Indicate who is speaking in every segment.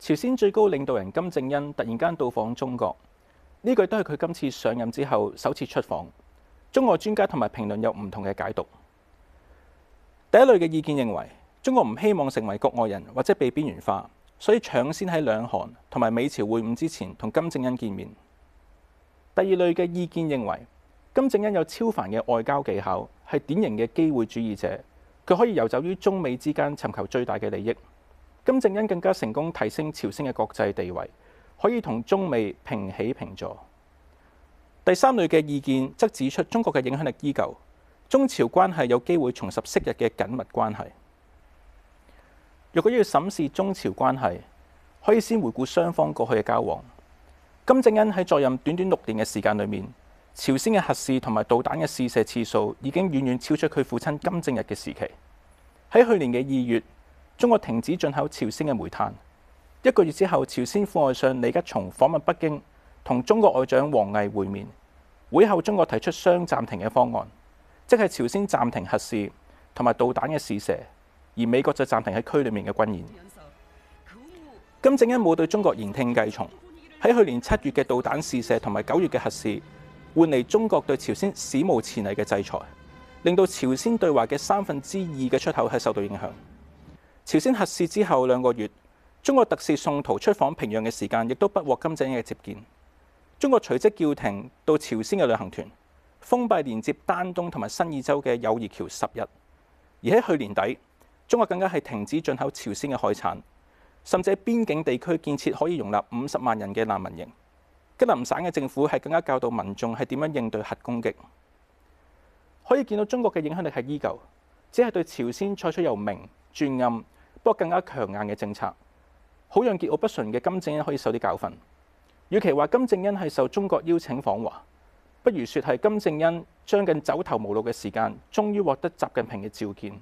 Speaker 1: 朝鮮最高領導人金正恩突然間到訪中國，呢句都係佢今次上任之後首次出訪。中外專家和評論同埋評論有唔同嘅解讀。第一類嘅意見認為，中國唔希望成為局外人或者被邊緣化，所以搶先喺兩韓同埋美朝會晤之前同金正恩見面。第二類嘅意見認為，金正恩有超凡嘅外交技巧，係典型嘅機會主義者，佢可以遊走於中美之間，尋求最大嘅利益。金正恩更加成功提升朝鮮嘅國際地位，可以同中美平起平坐。第三類嘅意見則指出，中國嘅影響力依舊，中朝關係有機會重拾昔日嘅緊密關係。如果要審視中朝關係，可以先回顧雙方過去嘅交往。金正恩喺在任短短六年嘅時間裏面，朝鮮嘅核試同埋導彈嘅試射次數已經遠遠超出佢父親金正日嘅時期。喺去年嘅二月，中國停止進口朝鮮嘅煤炭。一個月之後，朝鮮副外相李吉松訪問北京，同中國外長王毅會面。會後，中國提出雙暫停嘅方案，即係朝鮮暫停核試同埋導彈嘅試射，而美國就暫停喺區裡面嘅軍演。金、嗯、正恩冇對中國言聽計從。喺去年七月嘅導彈試射同埋九月嘅核試，換嚟中國對朝鮮史無前例嘅制裁，令到朝鮮對華嘅三分之二嘅出口係受到影響。朝鮮核試之後兩個月，中國特使宋濤出訪平壤嘅時間，亦都不獲金正恩嘅接見。中國隨即叫停到朝鮮嘅旅行團，封閉連接丹東同埋新義州嘅友誼橋十日。而喺去年底，中國更加係停止進口朝鮮嘅海產，甚至喺邊境地區建設可以容納五十萬人嘅難民營。吉林省嘅政府係更加教導民眾係點樣應對核攻擊。可以見到中國嘅影響力係依舊，只係對朝鮮採取由明轉暗。不過更加強硬嘅政策，好讓桀驁不馴嘅金，金正恩可以受啲教訓。與其話金正恩係受中國邀請訪華，不如說係金正恩將近走投無路嘅時間，終於獲得習近平嘅召見。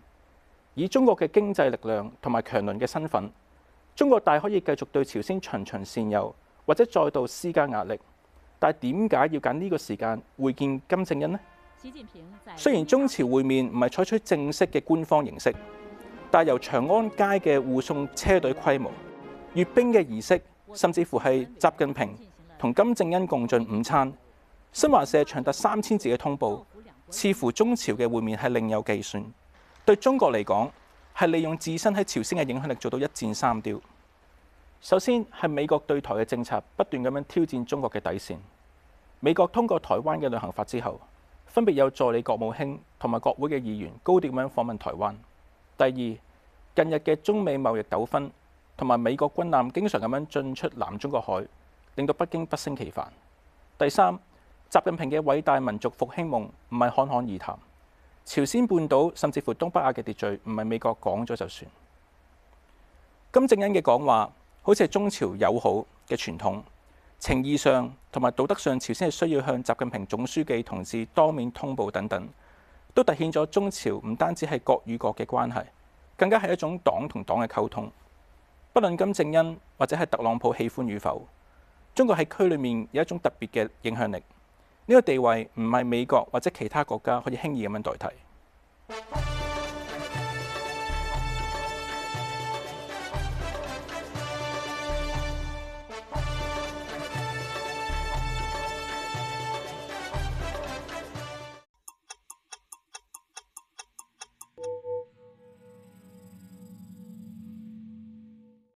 Speaker 1: 以中國嘅經濟力量同埋強鄰嘅身份，中國大可以繼續對朝鮮循循善誘，或者再度施加壓力。但係點解要揀呢個時間會見金正恩呢？習近平雖然中朝會面唔係採取正式嘅官方形式。但由長安街嘅護送車隊規模、閱兵嘅儀式，甚至乎係習近平同金正恩共進午餐。新華社長達三千字嘅通報，似乎中朝嘅會面係另有計算。對中國嚟講，係利用自身喺朝鮮嘅影響力做到一箭三雕。首先係美國對台嘅政策不斷咁樣挑戰中國嘅底線。美國通過台灣嘅旅行法之後，分別有助理國務卿同埋國會嘅議員高調咁樣訪問台灣。第二，近日嘅中美貿易糾紛同埋美國軍艦經常咁樣進出南中國海，令到北京不勝其煩。第三，習近平嘅偉大民族復興夢唔係侃侃而談，朝鮮半島甚至乎東北亞嘅秩序唔係美國講咗就算。金正恩嘅講話好似係中朝友好嘅傳統，情義上同埋道德上，朝鮮係需要向習近平總書記同志當面通報等等。都凸顯咗中朝唔單止係國與國嘅關係，更加係一種黨同黨嘅溝通。不論金正恩或者係特朗普喜歡與否，中國喺區裏面有一種特別嘅影響力。呢個地位唔係美國或者其他國家可以輕易咁樣代替。